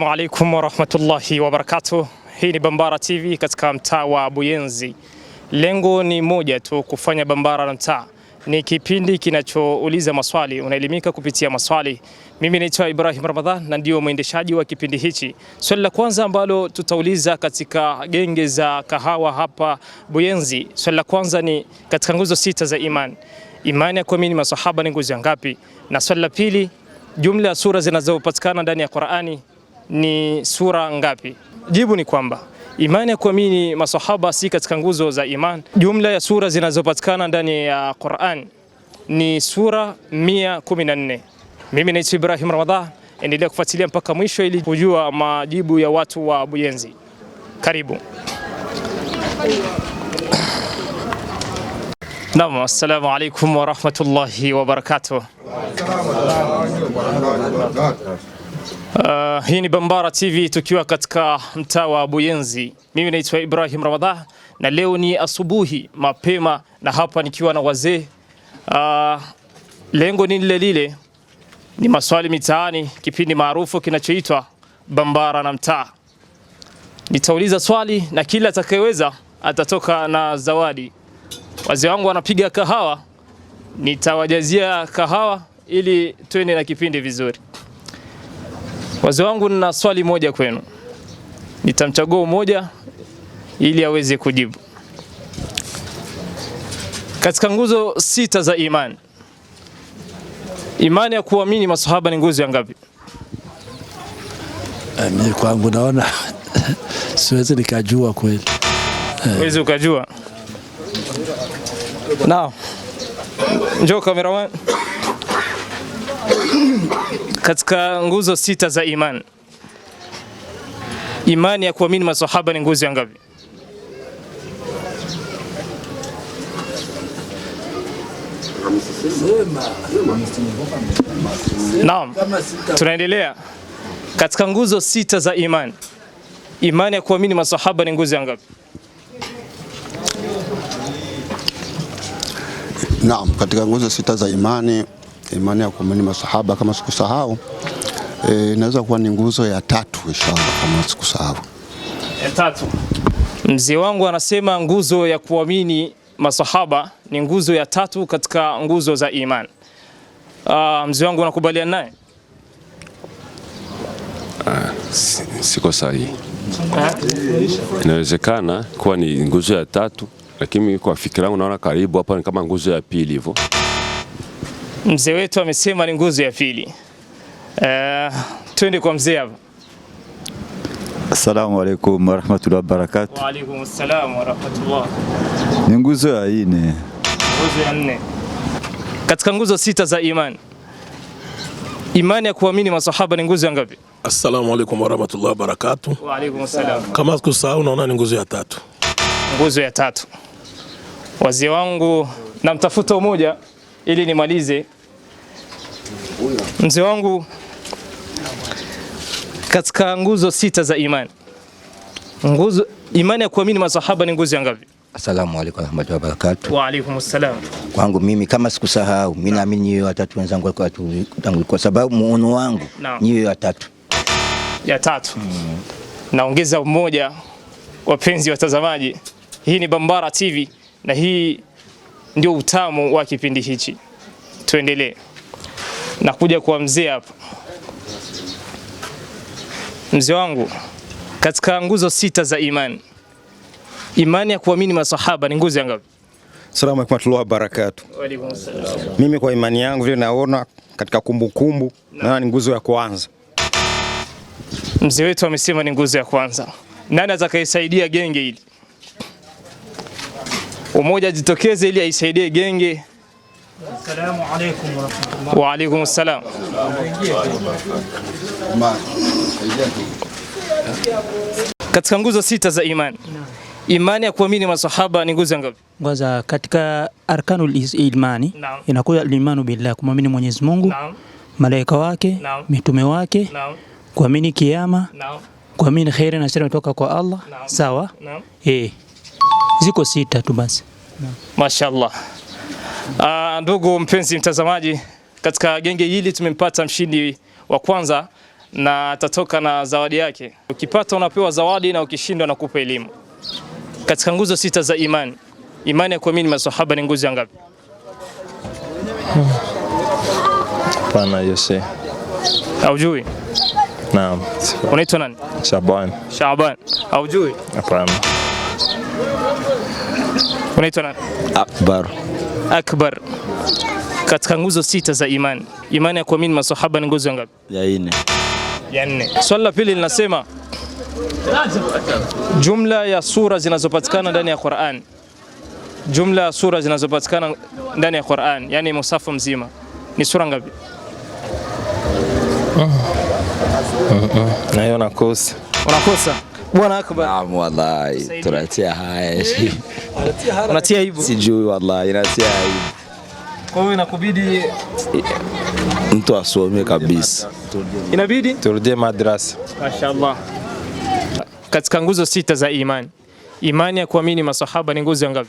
Assalamu alaikum warahmatullahi wabarakatuh. Hii ni Bambara TV katika mtaa wa Buyenzi. Lengo ni moja tu, kufanya Bambara na mtaa. Ni kipindi kinachouliza maswali, unaelimika kupitia maswali. Mimi naitwa Ibrahim Ramadhan na ndio mwendeshaji wa kipindi hichi. Swali la kwanza ambalo tutauliza katika genge za kahawa hapa Buyenzi, swali la kwanza ni katika nguzo sita za imani, imani ya kuamini masahaba ni nguzo ngapi? Na swali la pili, jumla ya sura zinazopatikana ndani ya Qur'ani ni sura ngapi? Jibu ni kwamba imani ya kuamini masahaba si katika nguzo za imani. Jumla ya sura zinazopatikana ndani ya Qur'an ni sura 114. Mimi naitwa Ibrahim Ramadhan, endelea kufuatilia mpaka mwisho ili kujua majibu ya watu wa Buyenzi. Karibu. Naam, assalamu alaikum wa rahmatullahi wa barakatuh. Uh, hii ni Bambara TV tukiwa katika mtaa wa Buyenzi. Mimi naitwa Ibrahim Ramadha na leo ni asubuhi mapema na hapa nikiwa na wazee. Uh, lengo ni lile lile, ni maswali mitaani, kipindi maarufu kinachoitwa Bambara na mtaa. Nitauliza swali na kila atakayeweza atatoka na zawadi. Wazee wangu wanapiga kahawa, nitawajazia kahawa ili tuende na kipindi vizuri. Wazee wangu, nina swali moja kwenu, nitamchagua mmoja ili aweze kujibu. Katika nguzo sita za imani, imani ya kuamini masahaba ni nguzo ya ngapi? Mimi eh, kwangu naona siwezi nikajua kweli. Siwezi eh. ukajua? Naam, njoo kameraman. katika nguzo sita za imani. Imani ya kuamini maswahaba ni nguzo ya ngapi? Naam, tunaendelea katika nguzo sita za imani. Imani ya kuamini maswahaba ni nguzo ya ngapi? Naam, katika nguzo sita za imani imani ya kuamini masahaba kama sikusahau, e, inaweza kuwa ni nguzo ya tatu inshallah kama sikusahau. Ya tatu. Mzee wangu anasema nguzo ya kuamini masahaba ni nguzo ya tatu katika nguzo za imani. Uh, ah, mzee wangu unakubaliana naye? Ah, siko sahihi. Inawezekana kuwa ni nguzo ya tatu, lakini kwa fikira yangu naona karibu hapa ni kama nguzo ya pili hivyo. Mzee wetu amesema ni nguzo ya pili. Uh, twende kwa mzee hapa. Assalamu alaykum wa rahmatullahi Wa barakatuh. Wa alaykum assalam wa warahmatullah. Ni nguzo ya nne. Nguzo ya nne. Katika nguzo sita za imani, imani ya kuamini masahaba ni nguzo ya ngapi? Assalamu alaykum wa rahmatullahi Wa barakatuh. Wa alaykum assalam. Kama sikusahau, naona ni nguzo ya tatu. Nguzo ya tatu. Wazee wangu, namtafuta umoja ili nimalize, mzee wangu, katika nguzo sita za imani, nguzo imani ya kuamini masahaba ni nguzo ya ngapi? Asalamu alaykum warahmatullahi wabarakatuh. Wa alaykum salam. Kwangu mimi kama sikusahau, mimi naamini nyie watatu wenzangu tangu, kwa sababu muono wangu nyie watatu ya tatu mm. Naongeza mmoja, wapenzi watazamaji, hii ni Bambara TV na hii ndio utamu wa kipindi hichi. Tuendelee nakuja kwa mzee hapa. Mzee wangu, katika nguzo sita za imani, imani ya kuamini masahaba ni nguzo ya ngapi? Salamu alaykum warahmatullahi wabarakatuh. Mimi kwa imani yangu vile naona katika kumbukumbu na ni nguzo ya kwanza. Mzee wetu amesema ni nguzo ya kwanza. Nani atakayesaidia genge hili? umoja ajitokeze ili aisaidie genge. Assalamu alaykum wa rahmatullahi. Wa alaykum assalam. Katika nguzo sita za imani, imani ya kuamini masahaba ni nguzo ngapi? Kwanza katika arkanul imani inakuwa al billah, kumwamini Mwenyezi Mungu, malaika wake, mitume wake, kuamini kiyama, kuamini kheri na shari kutoka kwa Allah. Sawa, eh ziko sita tu basi. Mashallah. Uh, ndugu mpenzi mtazamaji, katika genge hili tumempata mshindi wa kwanza na atatoka na zawadi yake. Ukipata unapewa zawadi na ukishindwa nakupa elimu katika nguzo sita za imani. Imani ya kuamini maswahaba ni nguzo ngapi? Pana yose. Aujui? Naam. Unaitwa nani? Shaban. Shaban. Aujui? Hapana. Unaitwa nani? Akbar. Akbar. Katika nguzo sita za imani, imani ya kuamini maswahaba ni nguzo ya ngapi? Ya nne. Ya nne. Swali la pili linasema jumla ya sura zinazopatikana ndani ya Qur'an, jumla ya sura zinazopatikana ndani ya Qur'an, yani musafu mzima ni sura ngapi? Nayo ah. ah, ah. nakosa. Unakosa? Bwana akbar. Naam wallahi. Tunatia haya. Eh? Unatia aibu. Sijui wallahi, inatia aibu. Kwa hiyo inakubidi mtu asome kabisa. Inabidi turudie madrasa. Mashaallah. Katika nguzo sita za imani, imani ya kuamini masahaba ni nguzo ngapi?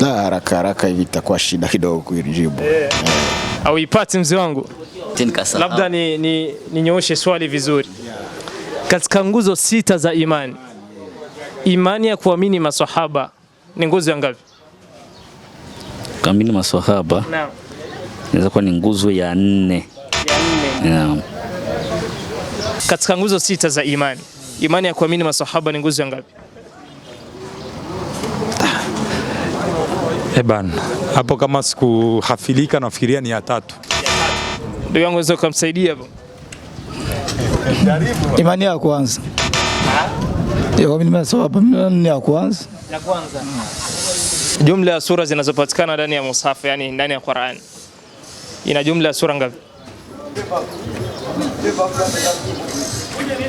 Na haraka haraka hivi itakuwa shida kidogo kujibu. Eh. Au ipati mzee wangu, labda ni, ni, ninyooshe swali vizuri katika nguzo sita za imani. Imani ya kuamini maswahaba ni nguzo ya ngapi? Kuamini maswahaba inaweza kuwa ni nguzo ya nne. Yeah. Katika nguzo sita za imani, imani ya kuamini maswahaba ni nguzo ya ngapi? Eban, eh, hapo kama sikuhafilika nafikiria ni ya tatu. Ndugu yangu unaweza kumsaidia hapo? Imani ya kwanza ya kwanza. Jumla ya sura zinazopatikana ndani ya Musafu, yani ndani ya Qur'an, ina jumla ya sura ngapi?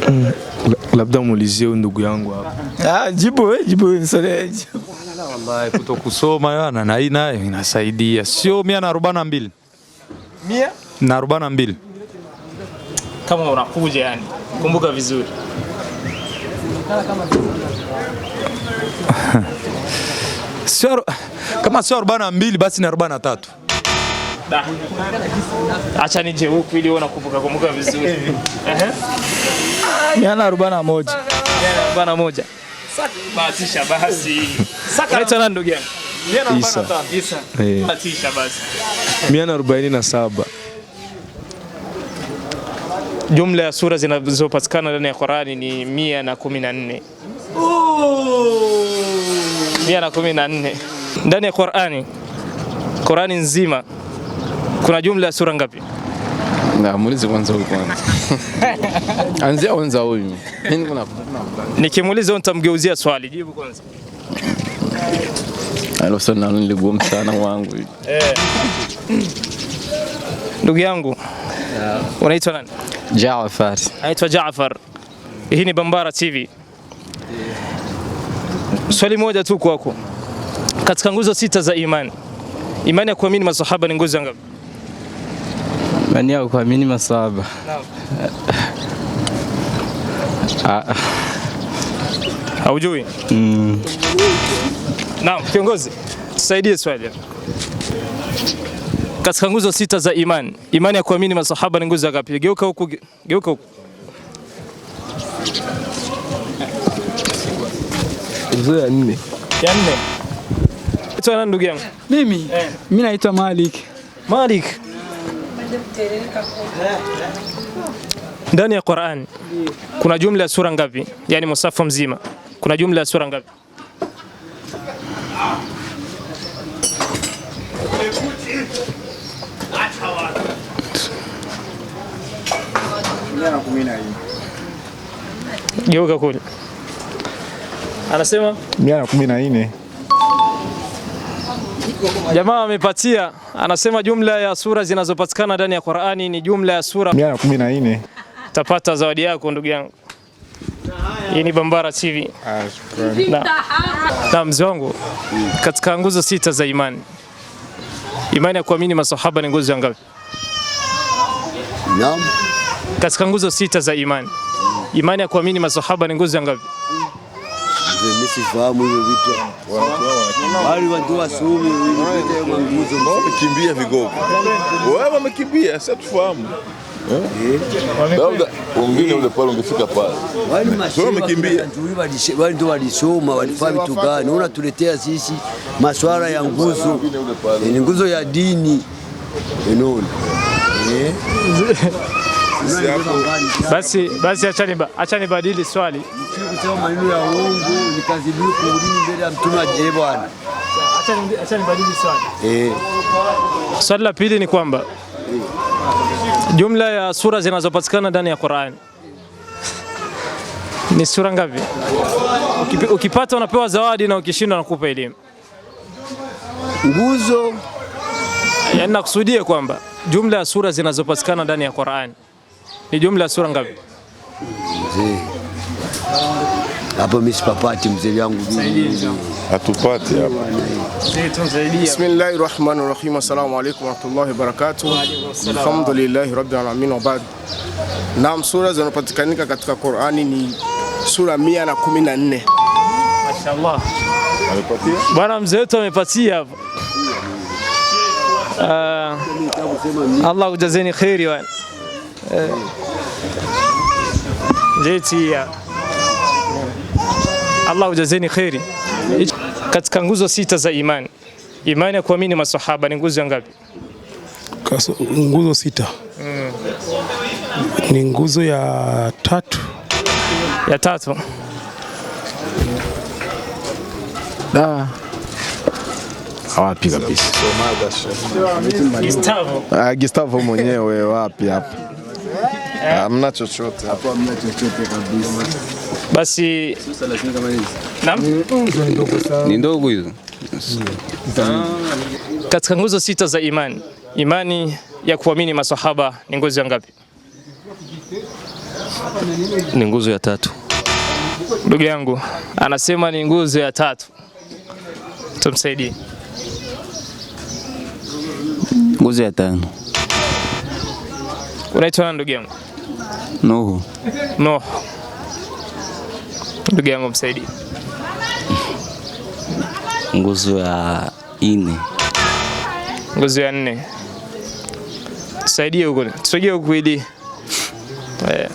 Mm, labda muulizie ndugu yangu hapa. Ah, jibu wewe, eh, jibu wewe. Wallahi kutokusoma na nayo inasaidia, sio mia na na mbili mia mbili kama unakuja yani, kumbuka vizuri sio kama sio 42 basi ni 43. Da. Acha nije huku ili uone kumbuka kumbuka vizuri. Eh eh. Yana 41. Yana 41. Sasa bahatisha basi. Saka acha nani ndugu yangu? Yana 45. Isa. Eh. Batisha basi. 47. Jumla ya sura zinazopatikana ndani ya Qur'ani ni 114. na Mia na kumi na nne ndani ya Qur'ani. Qur'ani nzima kuna jumla ya sura ngapi? Na muulize kwanza huyu kwanza. Anzia kwanza huyu. Nini kuna? Nikimuuliza nitamgeuzia swali. Jibu kwanza. Hilo sana, nalo ni sana wangu. Eh. Ndugu yangu. Unaitwa nani? Jaafar. Naitwa Jaafar. Hii ni Bambara TV. Swali moja tu kwako. Katika nguzo sita za imani, imani ya kuamini masahaba ni nguzo ngapi? Imani ya kuamini masahaba. Naam. Ah. Haujui? Mm. Naam, kiongozi, tusaidie swali katika nguzo sita za imani. Imani ya kuamini masahaba ni nguzo ya ngapi? Geuka huku, geuka huku. Nguzo ya nne. Ya nne. Ito na ndugu yangu. Mimi eh, mimi naitwa Malik. Malik. Ndani ya Qur'an kuna jumla ya sura ngapi? Yaani msafu mzima. Kuna jumla ya sura ngapi? Geuka kule. Anasema mia na kumi na nne. Jamaa amepatia, anasema jumla ya sura zinazopatikana ndani ya Qur'ani ni jumla ya sura mia kumi na Tapata zawadi yako ndugu yangu. Hii ni Bambara TV. Ah, na, na mzee wangu katika nguzo sita za imani, imani ya kuamini masahaba ni nguzo ya ngapi? Naam katika nguzo sita za imani. Imani ya kuamini masahaba ni nguzo ya ngapi? Wamekimbia vigogo ndio walisoma, vitu gani? Unatuletea sisi maswala ya nguzo, ni nguzo ya dini. Basi basi, achani achani badili swali kusema maneno ya uongo, bure kuhubiri mbele ya mtume aje eh, Bwana. Achani achani badili swali eh. Swali la pili ni kwamba jumla ya sura zinazopatikana ndani ya Qur'an ni sura ngapi? Ukipata unapewa zawadi na ukishindwa nakupa elimu nguzo. Yaani nakusudia kwamba jumla ya sura zinazopatikana ndani ya Qur'an ni jumla ya sura ngapi? Mzee hapo mimi sipapati mzee wangu, hatupati hapo. Bismillahir Rahmanir Rahim. Assalamu alaykum warahmatullahi wabarakatuh. Alhamdulillahi rabbil alamin wa ba'd. Naam, sura zinapatikanika katika Qur'ani ni sura 114. Mashaallah. Bwana mzee wetu amepatia hapo. Ah, Allah kujazeni khairi wana Eh. Jetia. Allah ujazeni kheri. Katika nguzo sita za imani, imani ya kuamini maswahaba ni nguzo ngapi? Nguzo sita mm. Ni nguzo ya tatu, ya tatu da wapi kabisa ah, Gustavo mwenyewe wapi hapa Eh? Hamna chochote hapo, hamna chochote kabisa. Basi ni ndogo hizo. Katika nguzo sita za imani, imani ya kuamini maswahaba ni nguzo ya ngapi? Ni nguzo ya tatu. Ndugu yangu anasema ni nguzo ya tatu, tumsaidie. Nguzo ya tano. Unaitwa nani ndugu yangu? Nuhu. Nuhu. Ndugu yangu msaidie. Nguzo ya nne. Nguzo ya nne. Tusaidie huko. Tusogee huko ili. Eh.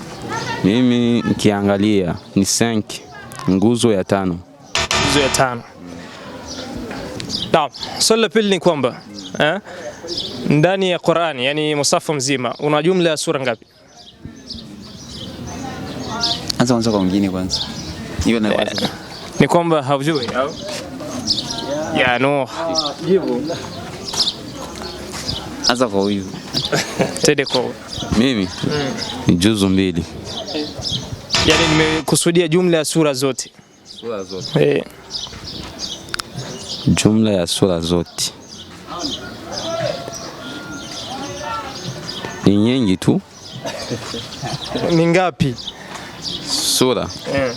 Mimi nikiangalia ni sanki nguzo ya tano. Nguzo ya tano. Naam, swali la pili ni kwamba eh, ndani ya Qur'ani, yani musafu mzima una jumla ya sura ngapi? Anza kwanza kwa mwingine kwanza. Hiyo na wazo. Eh, ni kwamba haujui au? Ya no. Ah, jibu. Anza kwa huyu. Tende kwa huyu. mimi. Hmm. Ni juzu mbili. Yaani nimekusudia jumla ya sura zote. Sura zote. Eh. Jumla ya sura zote. Ni nyingi tu. Ni ngapi? sura mm.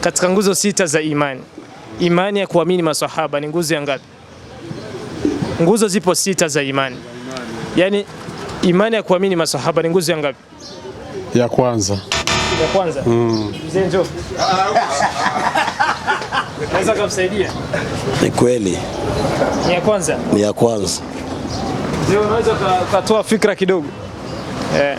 Katika nguzo sita za imani, imani ya kuamini maswahaba ni nguzo ya ngapi? Nguzo zipo sita za imani, yaani imani ya kuamini maswahaba ni nguzo ya ngapi? Ya kwanza, ya kwanza. Mm. Mzee njoo naweza kumsaidia. Ni kweli, ni ya kwanza, ni ya kwanza. Ndio, unaweza ukatoa fikra kidogo eh.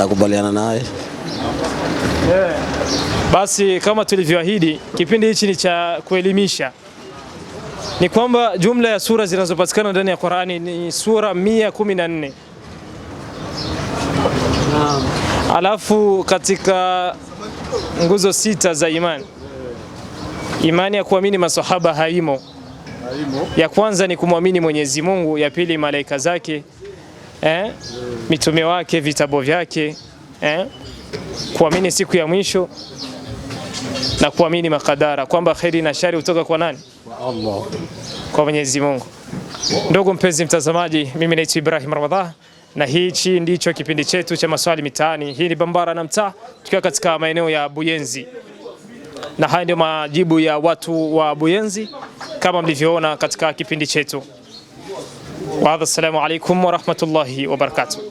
nakubaliana naye. Yeah. Basi kama tulivyoahidi, kipindi hichi ni cha kuelimisha. Ni kwamba jumla ya sura zinazopatikana ndani ya Qur'ani ni sura 114. Naam. Alafu katika nguzo sita za imani, imani ya kuamini masahaba haimo. Haimo. Ya kwanza ni kumwamini Mwenyezi Mungu, ya pili malaika zake eh, mitume wake, vitabu vyake eh, kuamini siku ya mwisho na kuamini makadara kwamba kheri na shari hutoka kwa nani? Allah, kwa Mwenyezi Mungu. Ndugu mpenzi mtazamaji, mimi naitwa Ibrahim Ramadhan na hichi ndicho kipindi chetu cha maswali mitaani. Hii ni Bambara na Mtaa, tukiwa katika maeneo ya Buyenzi, na haya ndio majibu ya watu wa Buyenzi kama mlivyoona katika kipindi chetu. وهذا السلام عليكم ورحمة الله وبركاته